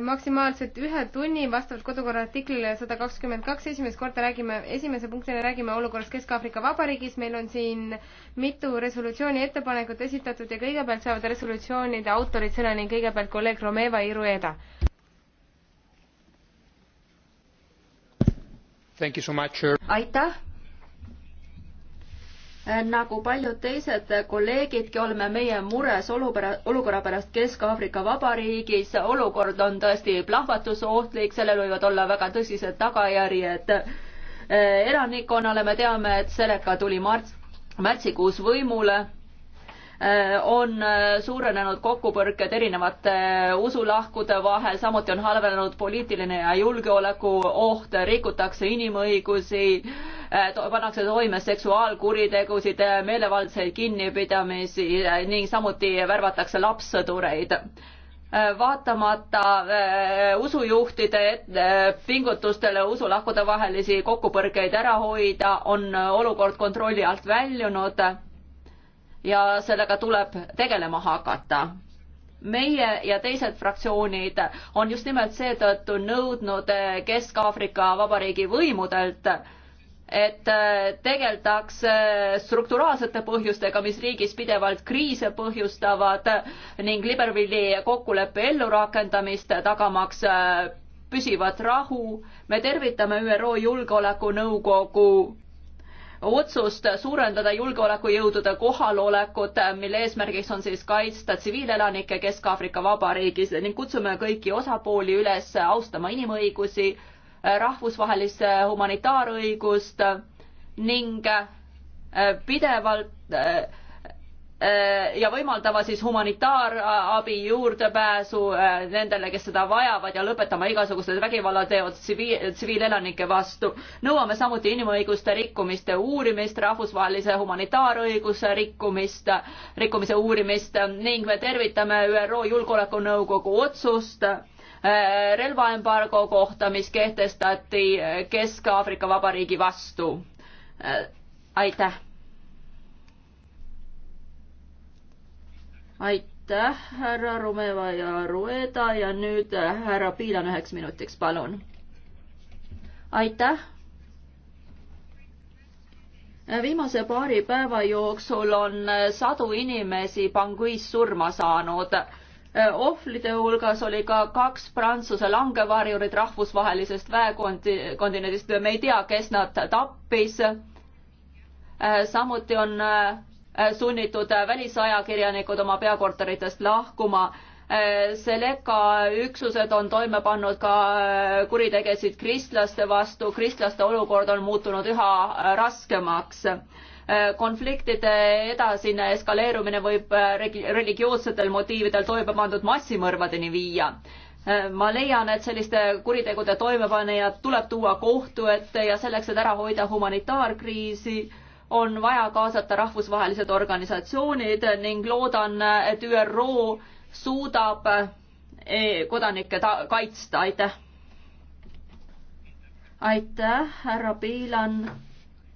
maksimaalselt ühe tunni vastavalt kodukorra artiklile sada kakskümmend kaks. esimest korda räägime, esimese punktina räägime olukorrast Kesk-Aafrika Vabariigis. meil on siin mitu resolutsiooni ettepanekut esitatud ja kõigepealt saavad resolutsioonide autorid sõna ning kõigepealt kolleeg Romeva Irueda. aitäh nagu paljud teised kolleegidki oleme meie mures olukorra, olukorra pärast Kesk-Aafrika Vabariigis. olukord on tõesti plahvatusohtlik, sellel võivad olla väga tõsised tagajärjed eh, elanikkonnale. me teame, et Seleka tuli märts, märtsikuus võimule eh, on eh, suurenenud kokkupõrked erinevate usulahkude vahel, samuti on halvenenud poliitiline ja julgeolekuoht, rikutakse inimõigusi Äh, pannakse toime seksuaalkuritegusid, äh, meelevaldseid kinnipidamisi äh, ning samuti värvatakse lapssõdureid vaatamata usujuhtide pingutustele usu lahkude vahelisi kokkupõrkeid ära hoida, on olukord kontrolli alt väljunud ja sellega tuleb tegelema hakata. meie ja teised fraktsioonid on just nimelt seetõttu nõudnud Kesk-Aafrika Vabariigi võimudelt et äh, tegeldakse strukturaalsete põhjustega, mis riigis pidevalt kriise põhjustavad ning Libervilli kokkuleppe ellurakendamist, tagamaks äh, püsivat rahu. me tervitame ÜRO Julgeolekunõukogu otsust suurendada julgeolekujõudude kohalolekut, mille eesmärgiks on siis kaitsta tsiviilelanikke Kesk-Aafrika Vabariigis ning kutsume kõiki osapooli üles austama inimõigusi rahvusvahelist humanitaarõigust ning äh, pidevalt äh, äh, ja võimaldama siis humanitaarabi juurdepääsu nendele, kes seda vajavad ja lõpetama igasugused vägivallateod tsiviil, tsiviilelanike vastu. nõuame samuti inimõiguste rikkumiste uurimist, rahvusvahelise humanitaarõiguse rikkumist, rikkumise uurimist ning me tervitame ÜRO Julgeolekunõukogu otsust Äh, relvaembargo kohta, mis kehtestati äh, Kesk-Aafrika Vabariigi vastu. Äh, aitäh. aitäh, härra Rumeva ja Rueda ja nüüd härra Piilan üheks minutiks, palun. aitäh viimase paari päeva jooksul on sadu inimesi Banguis surma saanud Äh, ohvrite hulgas oli ka kaks Prantsuse langevarjurit rahvusvahelisest väekontinendist, me ei tea, kes nad tappis. Äh, samuti on äh, sunnitud välisajakirjanikud oma peakorteritest lahkuma. Seleka üksused on toime pannud ka kuritegesid kristlaste vastu, kristlaste olukord on muutunud üha raskemaks Äh, konfliktide edasine eskaleerumine võib äh, religioossetel motiividel toime pandud massimõrvadeni viia. Äh, ma leian, et selliste kuritegude toimepanejad tuleb tuua kohtu ette ja selleks, et ära hoida humanitaarkriisi, on vaja kaasata rahvusvahelised organisatsioonid ning loodan, et ÜRO suudab kodanikke kaitsta, aitäh! aitäh, härra Piilan!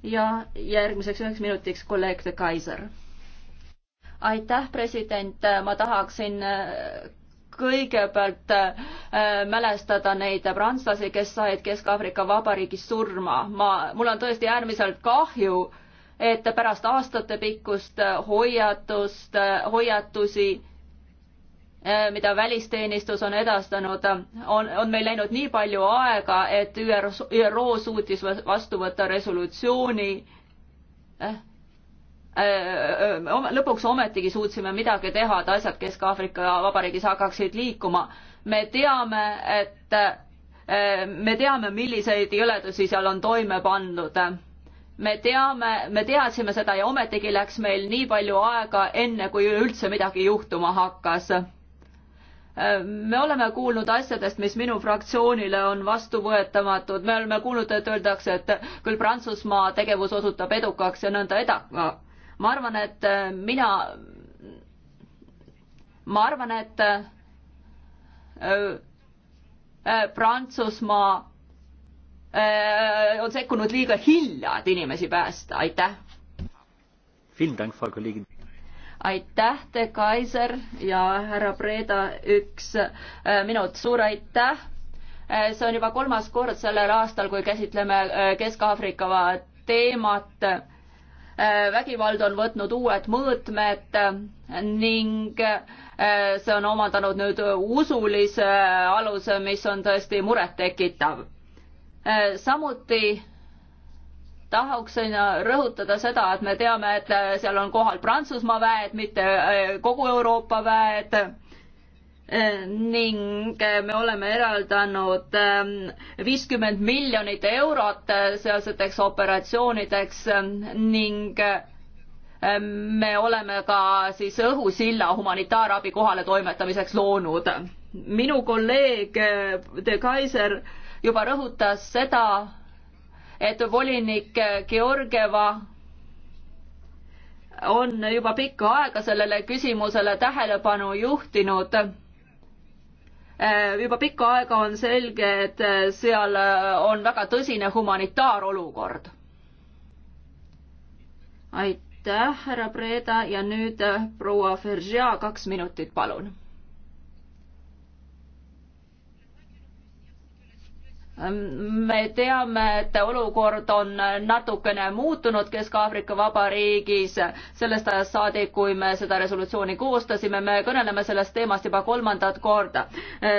ja järgmiseks üheks minutiks kolleeg De Kaiser. aitäh, president, ma tahaksin äh, kõigepealt äh, mälestada neid prantslasi, kes said Kesk-Aafrika Vabariigis surma. ma, mul on tõesti äärmiselt kahju, et pärast aastatepikkust äh, hoiatust, hoiatusi Äh, mida välisteenistus on edastanud, on, on meil läinud nii palju aega, et ÜRO, ÜRO suutis vastu võtta resolutsiooni. Äh, äh, lõpuks ometigi suutsime midagi teha, et asjad Kesk-Aafrika Vabariigis hakkaksid liikuma. me teame, et me teame, milliseid jõledusi seal on toime pandud me teame, me teadsime seda ja ometigi läks meil nii palju aega, enne kui üleüldse midagi juhtuma hakkas Äh, me oleme kuulnud asjadest, mis minu fraktsioonile on vastuvõetamatud, me oleme kuulnud, et öeldakse, et küll Prantsusmaa tegevus osutub edukaks ja nõnda edaka. ma arvan, et äh, mina, ma arvan, et äh, Prantsusmaa on sekkunud liiga hilja, et inimesi päästa, aitäh aitäh, De Kaiser ja härra Breda, üks äh, minut, suur aitäh. Äh, see on juba kolmas kord sellel aastal, kui käsitleme äh, Kesk-Aafrika teemat. vägivald on võtnud uued mõõtmed ning see on omandanud nüüd usulise aluse, mis on tõesti murettekitav. samuti tahaksin rõhutada seda, et me teame, et äh, seal on kohal Prantsusmaa väed, mitte äh, kogu Euroopa väed ning äh, me oleme eraldanud ähm, viiskümmend miljonit eurot sealseteks operatsioonideks ning me oleme ka siis õhusilla humanitaarabi kohale toimetamiseks loonud. minu kolleeg De Kaiser juba rõhutas seda, et volinik Georgieva on juba pikka aega sellele küsimusele tähelepanu juhtinud. Äh, juba pikka aega on selge, et äh, seal äh, on väga tõsine humanitaarolukord. aitäh, härra Breda ja nüüd proua Veržea, kaks minutit, palun me teame, et olukord on natukene muutunud Kesk-Aafrika Vabariigis sellest ajast saadik, kui me seda resolutsiooni koostasime, me kõneleme sellest teemast juba kolmandat korda.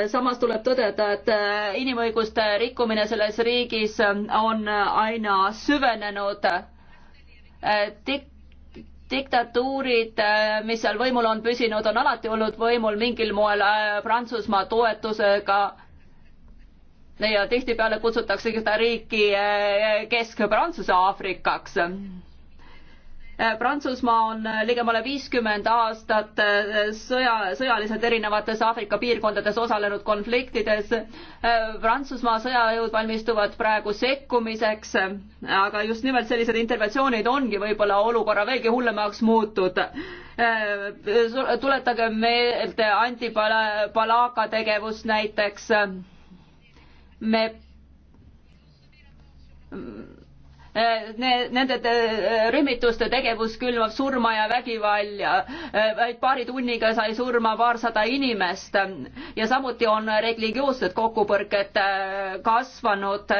samas tuleb tõdeda, et inimõiguste rikkumine selles riigis on aina süvenenud Tik diktatuurid, mis seal võimul on püsinud, on alati olnud võimul mingil moel äh, Prantsusmaa toetusega ja tihtipeale kutsutakse seda riiki eh, Kesk-Prantsuse Aafrikaks. Eh, Prantsusmaa on ligemale viiskümmend aastat eh, sõja, sõjaliselt erinevates Aafrika piirkondades osalenud konfliktides. Prantsusmaa sõjajõud valmistuvad praegu sekkumiseks, aga just nimelt sellised interventsioonid ongi võib-olla olukorra veelgi hullemaks muutud tuletage meelde antipalaaka tegevust näiteks me äh, ne, nende äh, rühmituste tegevus külvab surma ja vägivalja. Äh, vaid paari tunniga sai surma paarsada inimest ja samuti on religioossed kokkupõrked kasvanud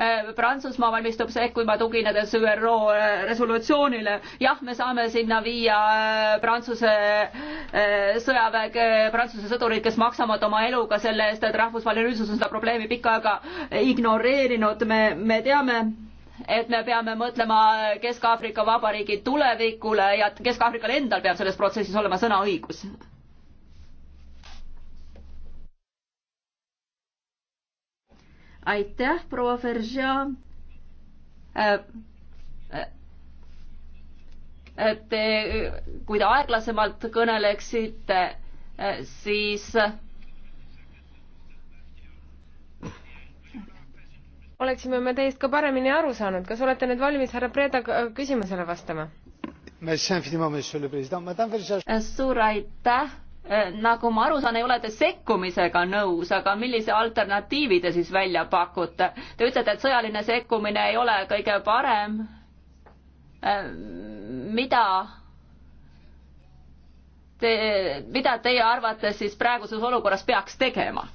Äh, Prantsusmaa valmistub sekkuma, tuginedes ÜRO äh, resolutsioonile. jah, me saame sinna viia äh, Prantsuse sõjaväe, Prantsuse sõdurid, kes maksavad oma eluga selle eest, et rahvusvaheline üldsus on seda probleemi pikka aega ignoreerinud. me, me teame et me peame mõtlema Kesk-Aafrika Vabariigi tulevikule ja Kesk-Aafrikal endal peab selles protsessis olema sõnaõigus aitäh, proua Veržea äh, äh, äh,. Te, kui te aeglasemalt kõneleksite, äh, siis oleksime me teist ka paremini aru saanud. kas olete nüüd valmis härra Preda küsimusele vastama? suur aitäh Äh, nagu ma aru saan, ei ole te sekkumisega nõus, aga millise alternatiivi te siis välja pakute? Te ütlete, et sõjaline sekkumine ei ole kõige parem. Äh, mida te, mida teie arvates siis praeguses olukorras peaks tegema?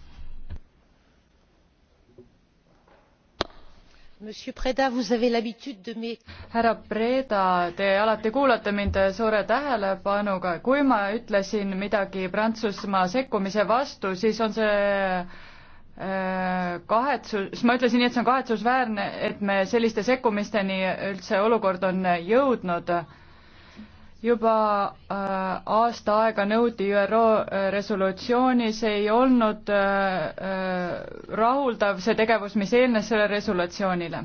härra Preda, te alati kuulate mind suure tähelepanuga. kui ma ütlesin midagi Prantsusmaa sekkumise vastu, siis on see äh, kahetsus, ma ütlesin nii, et see on kahetsusväärne, et me selliste sekkumisteni üldse olukord on jõudnud juba äh, aasta aega nõuti ÜRO äh, resolutsiooni, see ei olnud äh, äh, rahuldav, see tegevus, mis eelnes sellele resolutsioonile.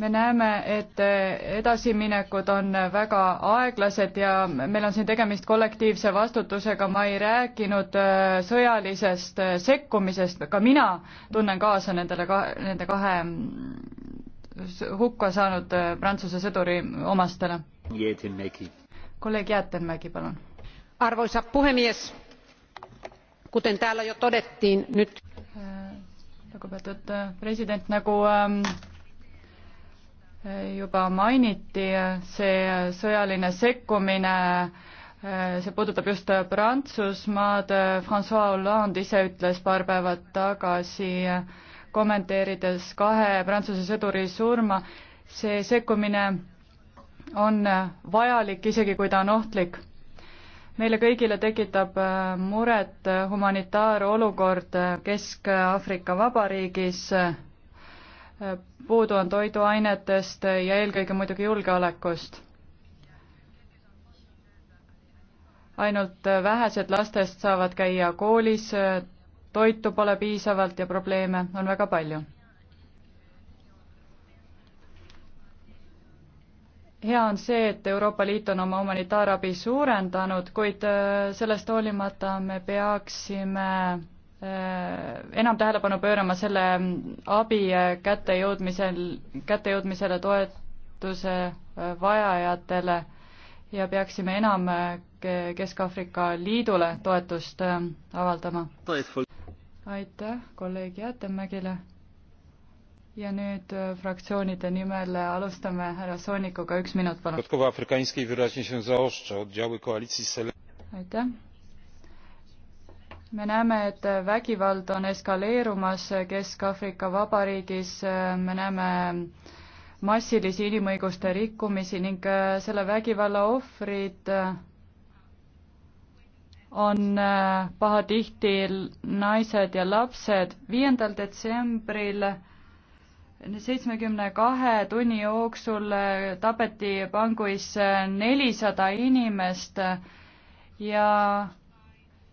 me näeme, et äh, edasiminekud on väga aeglased ja meil on siin tegemist kollektiivse vastutusega, ma ei rääkinud äh, sõjalisest sekkumisest, ka mina tunnen kaasa nendele ka-, nende kahe hukka saanud äh, Prantsuse sõduri omastele. kolleeg Jäätenmägi, palun. arvoisa puhemies, kuten täällä jo todettiin nyt. Äh, lugupeetud äh, president, nagu ähm, juba mainiti, see sõjaline sekkumine see puudutab just Prantsusmaad, Francois Hollande ise ütles paar päeva tagasi äh, kommenteerides kahe Prantsuse sõduri surma. see sekkumine on vajalik, isegi kui ta on ohtlik. meile kõigile tekitab äh, muret humanitaarolukord äh, Kesk-Aafrika Vabariigis, äh, puudu on toiduainetest ja eelkõige muidugi julgeolekust ainult vähesed lastest saavad käia koolis, toitu pole piisavalt ja probleeme on väga palju. hea on see, et Euroopa Liit on oma humanitaarabi suurendanud, kuid äh, sellest hoolimata me peaksime äh, enam tähelepanu pöörama selle mm, abi äh, kättejõudmisel, kättejõudmisele toetuse vajajatele ja peaksime enam Kesk-Aafrika Liidule toetust avaldama aitäh kolleeg Jäätemägile. ja nüüd äh, fraktsioonide nimel äh, alustame härra Soonikuga, üks minut palun. aitäh. me näeme, et äh, vägivald on eskaleerumas Kesk-Aafrika Vabariigis, me näeme massilisi inimõiguste rikkumisi ning selle vägivalla ohvrid on äh, pahatihti naised ja lapsed. viiendal detsembril seitsmekümne kahe tunni jooksul äh, tapeti Banguis äh, nelisada inimest ja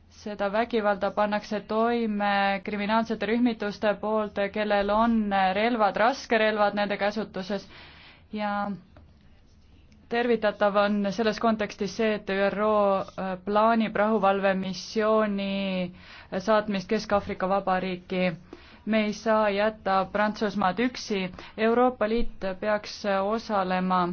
seda vägivalda pannakse toime kriminaalsete rühmituste poolt, kellel on relvad, raskerelvad nende käsutuses ja tervitatav on selles kontekstis see, et ÜRO äh, plaanib rahuvalvemissiooni äh, saatmist Kesk-Aafrika Vabariiki. me ei saa jätta Prantsusmaad üksi, Euroopa Liit peaks äh, osalema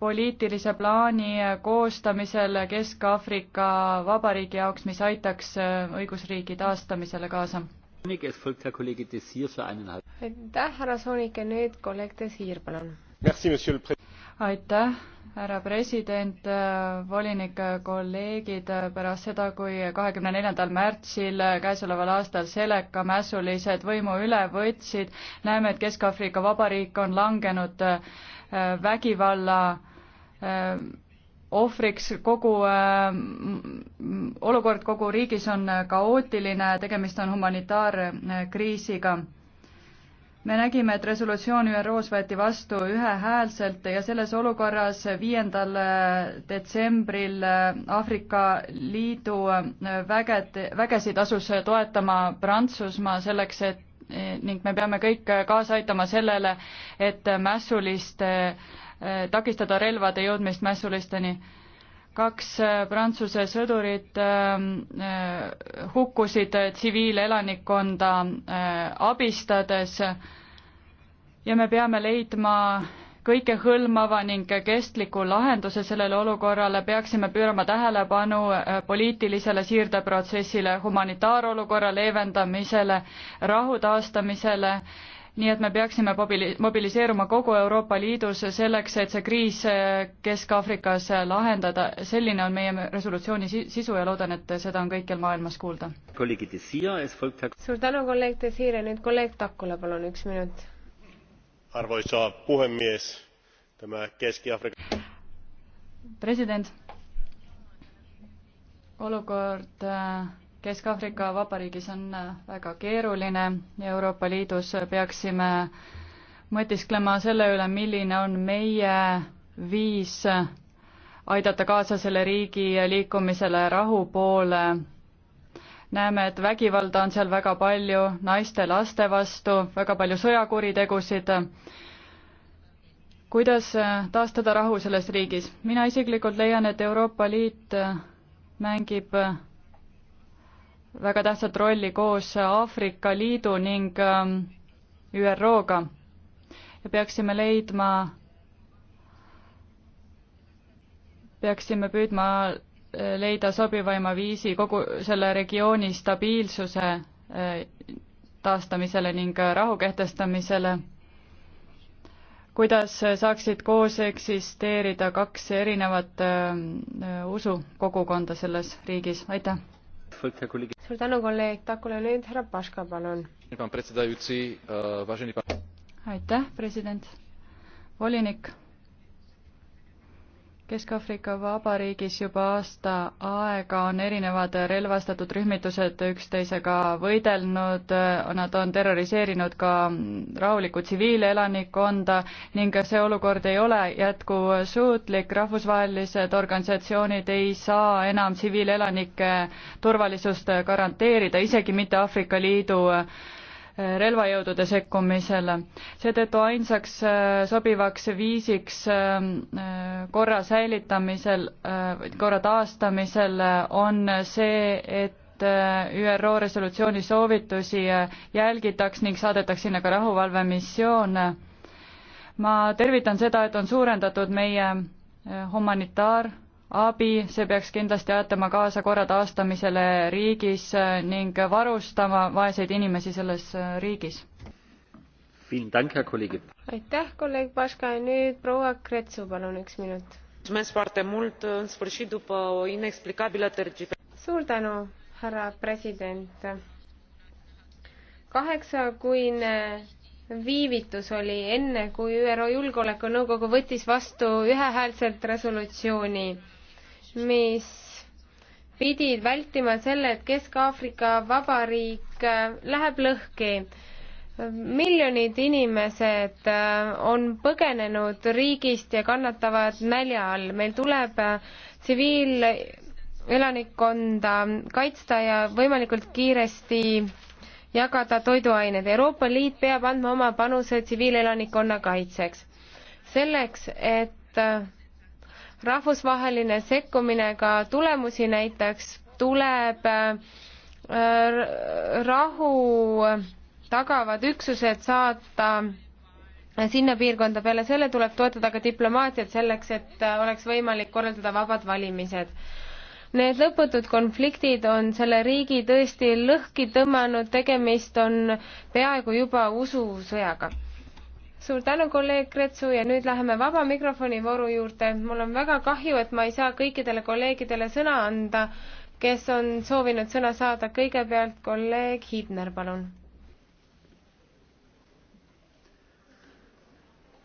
poliitilise plaani koostamisel Kesk-Aafrika Vabariigi jaoks, mis aitaks õigusriigi taastamisele kaasa. aitäh, härra Soonik ja nüüd kolleeg Desiir, palun aitäh, härra president, volinik, kolleegid, pärast seda, kui kahekümne neljandal märtsil käesoleval aastal Seleka mässulised võimu üle võtsid, näeme, et Kesk-Aafrika Vabariik on langenud äh, vägivalla äh, ohvriks, kogu äh, olukord kogu riigis on kaootiline, tegemist on humanitaarkriisiga me nägime, et resolutsioon ÜRO-s võeti vastu ühehäälselt ja selles olukorras viiendal äh, detsembril äh, Aafrika Liidu äh, väged, vägesid asus toetama Prantsusmaa selleks, et eh, ning me peame kõik kaasa aitama sellele, et mässuliste, takistada relvade jõudmist mässulisteni kaks äh, Prantsuse sõdurit ähm, äh, hukkusid äh, tsiviilelanikkonda abistades ja me peame leidma kõikehõlmava ning kestliku lahenduse sellele olukorrale, peaksime pöörama tähelepanu poliitilisele siirdeprotsessile, humanitaarolukorra leevendamisele, rahu taastamisele nii et me peaksime mobili-, mobiliseeruma kogu Euroopa Liidus selleks, et see kriis äh, Kesk-Aafrikas äh, lahendada, selline on meie resolutsiooni sisu ja loodan, et seda on kõikjal maailmas kuulda. suur tänu, kolleeg Desire, nüüd kolleeg Takula, palun üks minut. arvoisa puhemies, tema Kesk-Aafrika president, olukord äh, Kesk-Aafrika Vabariigis on äh, väga keeruline ja Euroopa Liidus peaksime mõtisklema selle üle, milline on meie viis äh, aidata kaasa selle riigi liikumisele rahu poole. näeme, et vägivalda on seal väga palju naiste, laste vastu, väga palju sõjakuritegusid kuidas äh, taastada rahu selles riigis? mina isiklikult leian, et Euroopa Liit mängib väga tähtsat rolli koos Aafrika Liidu ning ähm, ÜRO-ga ja peaksime leidma, peaksime püüdma äh, leida sobivaima viisi kogu selle regiooni stabiilsuse äh, taastamisele ning äh, rahu kehtestamisele. kuidas saaksid koos eksisteerida kaks erinevat ähm, usukogukonda selles riigis, aitäh! suur tänu, kolleeg Takule, nüüd härra Paška, palun. Äh, aitäh, president, volinik Kesk-Aafrika Vabariigis juba aasta aega on erinevad relvastatud rühmitused üksteisega võidelnud, nad on terroriseerinud ka rahulikku tsiviilelanikkonda ning see olukord ei ole jätkusuutlik, rahvusvahelised organisatsioonid ei saa enam tsiviilelanike turvalisust garanteerida, isegi mitte Aafrika Liidu relvajõudude sekkumisele. seetõttu ainsaks äh, sobivaks viisiks ähm, äh, korra säilitamisel, äh, korra taastamisel on see, et ÜRO resolutsiooni soovitusi jälgitaks ning saadetaks sinna ka rahuvalvemissioon. ma tervitan seda, et on suurendatud meie humanitaar- abi, see peaks kindlasti aitama kaasa korra taastamisele riigis äh, ning varustama vaeseid inimesi selles äh, riigis. aitäh, kolleeg Paška, nüüd proua Kretsu, palun üks minut. suur tänu, härra president. kaheksakuine viivitus oli enne, kui ÜRO Julgeolekunõukogu võttis vastu ühehäälselt resolutsiooni mis pidid vältima selle, et Kesk-Aafrika Vabariik äh, läheb lõhki. miljonid inimesed äh, on põgenenud riigist ja kannatavad nälja all. meil tuleb äh, tsiviilelanikkonda kaitsta ja võimalikult kiiresti jagada toiduained. Euroopa Liit peab andma oma panuse tsiviilelanikkonna kaitseks. selleks, et rahvusvaheline sekkumine ka tulemusi näitaks, tuleb äh, rahu tagavad üksused saata sinna piirkonda, peale selle tuleb toetada ka diplomaatiat selleks, et äh, oleks võimalik korraldada vabad valimised. Need lõputud konfliktid on selle riigi tõesti lõhki tõmmanud, tegemist on peaaegu juba ususõjaga suur tänu, kolleeg Kretsu ja nüüd läheme vaba mikrofoni vooru juurde. mul on väga kahju, et ma ei saa kõikidele kolleegidele sõna anda, kes on soovinud sõna saada. kõigepealt kolleeg Hiidner, palun.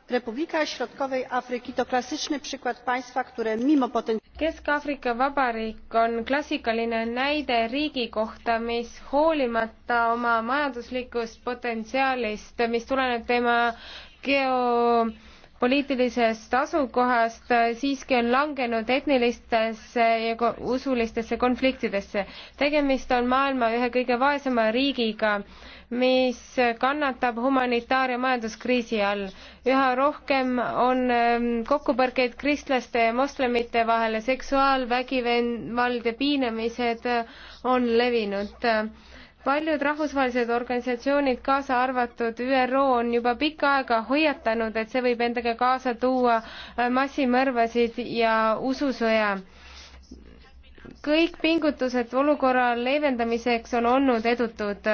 Republika Środkowej Afryki to klasyczny przykład państwa, które mimo potentsiaali Kesk-Aafrika Vabariik on klassikaline näide riigi kohta, mis hoolimata oma majanduslikust potentsiaalist, mis tuleneb tema geopoliitilisest asukohast siiski on langenud etnilistesse ja usulistesse konfliktidesse. tegemist on maailma ühe kõige vaesema riigiga, mis kannatab humanitaar- ja majanduskriisi all. üha rohkem on ähm, kokkupõrkeid kristlaste ja moslemite vahel ja seksuaalvägivald ja piinamised äh, on levinud paljud rahvusvahelised organisatsioonid, kaasa arvatud ÜRO, on juba pikka aega hoiatanud, et see võib endaga kaasa tuua äh, massimõrvasid ja ususõja. kõik pingutused olukorra leevendamiseks on olnud edutud.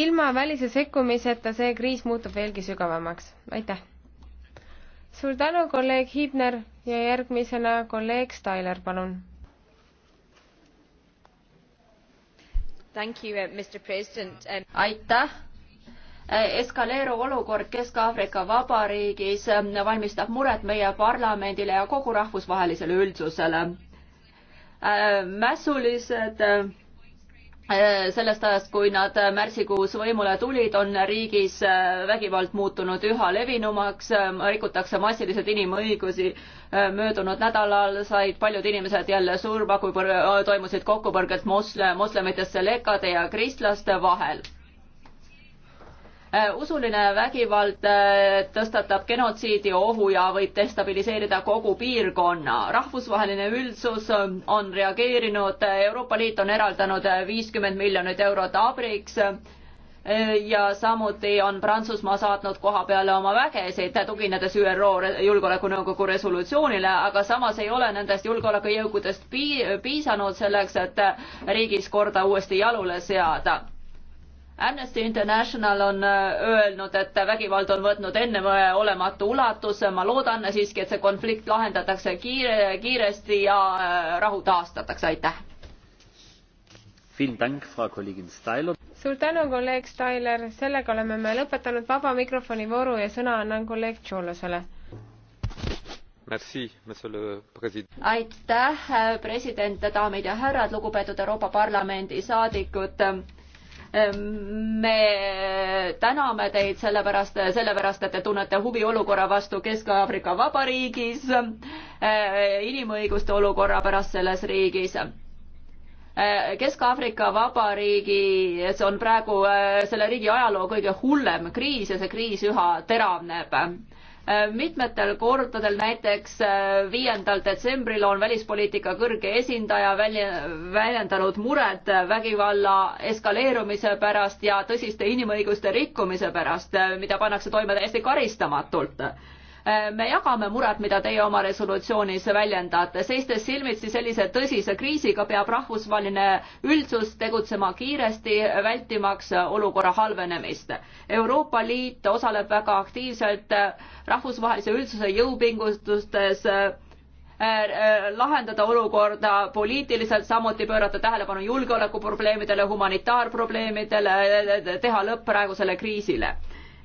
ilma välise sekkumiseta see kriis muutub veelgi sügavamaks. aitäh! suur tänu, kolleeg Hiibner ja järgmisena kolleeg Stailer, palun Uh, um, aitäh äh, eskaleeruv olukord Kesk-Aafrika Vabariigis ähm, valmistab muret meie parlamendile ja kogu rahvusvahelisele üldsusele. Äh, mässulised äh, Äh, sellest ajast, kui nad äh, märtsikuus võimule tulid, on riigis äh, vägivald muutunud üha levinumaks, rikutakse massiliselt inimõigusi. möödunud nädalal said paljud inimesed jälle surma, kui toimusid kokkupõrged mosle, moslemitesse lekade ja kristlaste vahel Äh, usuline vägivald äh, tõstatab genotsiidi ohu ja võib destabiliseerida kogu piirkonna. rahvusvaheline üldsus äh, on reageerinud, Euroopa Liit on eraldanud viiskümmend miljonit eurot abiks ja samuti on Prantsusmaa saatnud koha peale oma vägesid, tuginedes ÜRO Julgeolekunõukogu resolutsioonile, aga samas ei ole nendest julgeolekujõugudest piisanud selleks, et riigis korda uuesti jalule seada Amnesty International on äh, öelnud, et vägivald on võtnud enneolematu äh, ulatuse, ma loodan siiski, et see konflikt lahendatakse kiire, kiiresti ja äh, rahu taastatakse, aitäh! suur tänu, kolleeg Styler, sellega oleme me lõpetanud vaba mikrofoni vooru ja sõna annan kolleeg Tšolosele. aitäh, president, daamid ja härrad, lugupeetud Euroopa Parlamendi saadikud me täname teid sellepärast, sellepärast, et te tunnete huvi olukorra vastu Kesk-Aafrika Vabariigis, eh, inimõiguste olukorra pärast selles riigis. Eh, Kesk-Aafrika Vabariigis on praegu eh, selle riigi ajaloo kõige hullem kriis ja see kriis üha teravneb Äh, mitmetel kordadel, näiteks äh, viiendal detsembril on välispoliitika kõrge esindaja välja, väljendanud muret äh, vägivalla eskaleerumise pärast ja tõsiste inimõiguste rikkumise pärast, mida pannakse toime täiesti karistamatult me jagame muret, mida teie oma resolutsioonis väljendate. seistes silmitsi sellise tõsise kriisiga peab rahvusvaheline üldsus tegutsema kiiresti, vältimaks olukorra halvenemist. Euroopa Liit osaleb väga aktiivselt rahvusvahelise üldsuse jõupingutustes äh, äh, lahendada olukorda poliitiliselt, samuti pöörata tähelepanu julgeolekuprobleemidele, humanitaarprobleemidele, teha lõpp praegusele kriisile.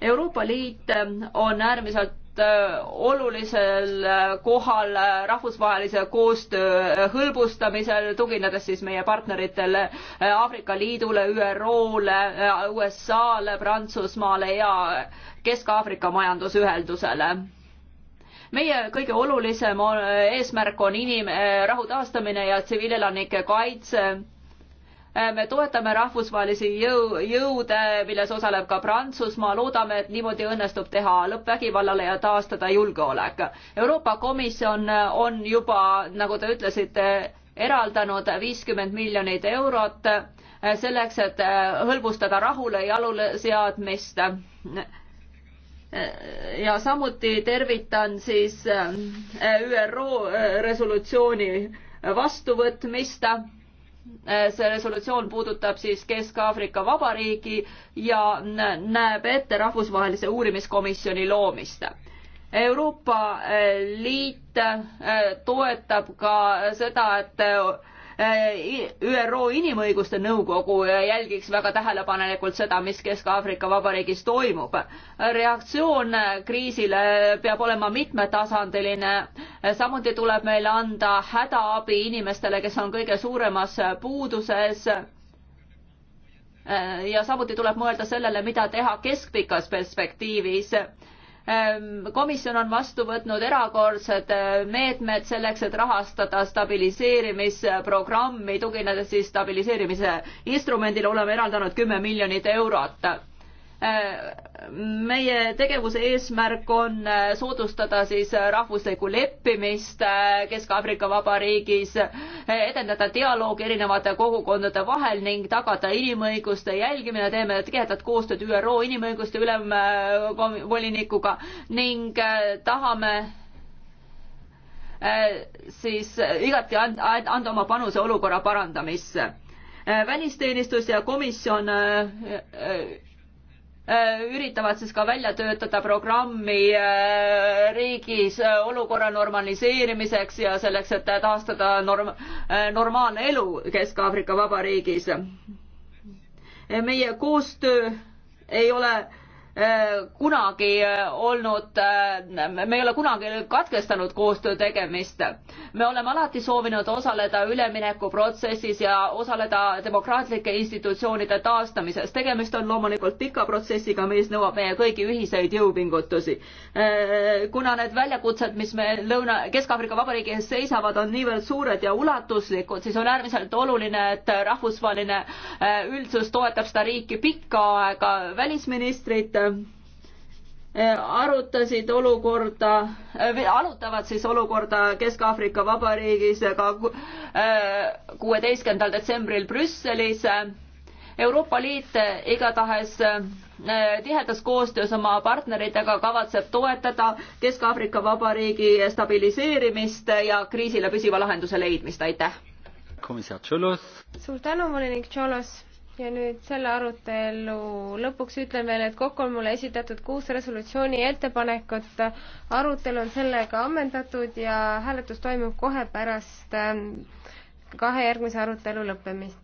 Euroopa Liit on äärmiselt Äh, olulisel äh, kohal äh, rahvusvahelise koostöö hõlbustamisel, tuginedes siis meie partneritele Aafrika Liidule, ÜRO-le, USA-le, Prantsusmaale ja Kesk-Aafrika majandusüheldusele meie kõige olulisem eesmärk on inim-, rahu taastamine ja tsiviilelanike kaitse Äh, me toetame rahvusvahelisi jõu, jõude, milles osaleb ka Prantsusmaa, loodame, et niimoodi õnnestub teha lõpp vägivallale ja taastada julgeolek. Euroopa Komisjon äh, on juba, nagu te ütlesite, eraldanud viiskümmend miljonit eurot äh, selleks, et hõlbustada rahule jalule seadmist. ja samuti tervitan siis ÜRO resolutsiooni vastuvõtmist Äh, see resolutsioon puudutab siis Kesk-Aafrika Vabariigi ja näeb ette rahvusvahelise uurimiskomisjoni loomist. Euroopa äh, Liit äh, toetab ka seda, et ÜRO Inimõiguste Nõukogu jälgiks väga tähelepanelikult seda, mis Kesk-Aafrika Vabariigis toimub. reaktsioon kriisile peab olema mitmetasandiline samuti tuleb meil anda hädaabi inimestele, kes on kõige suuremas puuduses ja samuti tuleb mõelda sellele, mida teha keskpikas perspektiivis. komisjon on vastu võtnud erakordsed meetmed selleks, et rahastada stabiliseerimisprogrammi, tuginedes siis stabiliseerimise instrumendile oleme eraldanud kümme miljonit eurot meie tegevuse eesmärk on äh, soodustada siis rahvuslikku leppimist äh, Kesk-Aafrika Vabariigis, äh, edendada dialoogi erinevate kogukondade vahel ning tagada inimõiguste jälgimine, teeme tihedat koostööd ÜRO inimõiguste ülemvolinikuga ning tahame siis igati anda oma panuse olukorra parandamisse. välisteenistus ja komisjon Äh, üritavad siis ka välja töötada programmi äh, riigis äh, olukorra normaliseerimiseks ja selleks, et taastada norm-, normaalne elu Kesk-Aafrika Vabariigis. meie koostöö ei ole Äh, kunagi äh, olnud, äh, me ei ole kunagi katkestanud koostöö tegemist. me oleme alati soovinud osaleda üleminekuprotsessis ja osaleda demokraatlike institutsioonide taastamises. tegemist on loomulikult pika protsessiga, mis nõuab meie kõigi ühiseid jõupingutusi. kuna need väljakutsed, mis meil Lõuna, Kesk-Aafrika Vabariigi ees seisavad, on niivõrd suured ja ulatuslikud, siis on äärmiselt oluline, et rahvusvaheline üldsus toetab seda riiki pikka aega, välisministrit, arutasid olukorda, arutavad siis olukorda Kesk-Aafrika Vabariigis ka äh, kuueteistkümnendal detsembril Brüsselis. Euroopa Liit igatahes äh, tihedas koostöös oma partneritega kavatseb toetada Kesk-Aafrika Vabariigi stabiliseerimist ja kriisile püsiva lahenduse leidmist, aitäh! suur tänu, volinik Tšolos! ja nüüd selle arutelu lõpuks ütlen veel, et kokku on mulle esitatud kuus resolutsiooni ettepanekut. arutelu on sellega ammendatud ja hääletus toimub kohe pärast ähm, kahe järgmise arutelu lõppemist.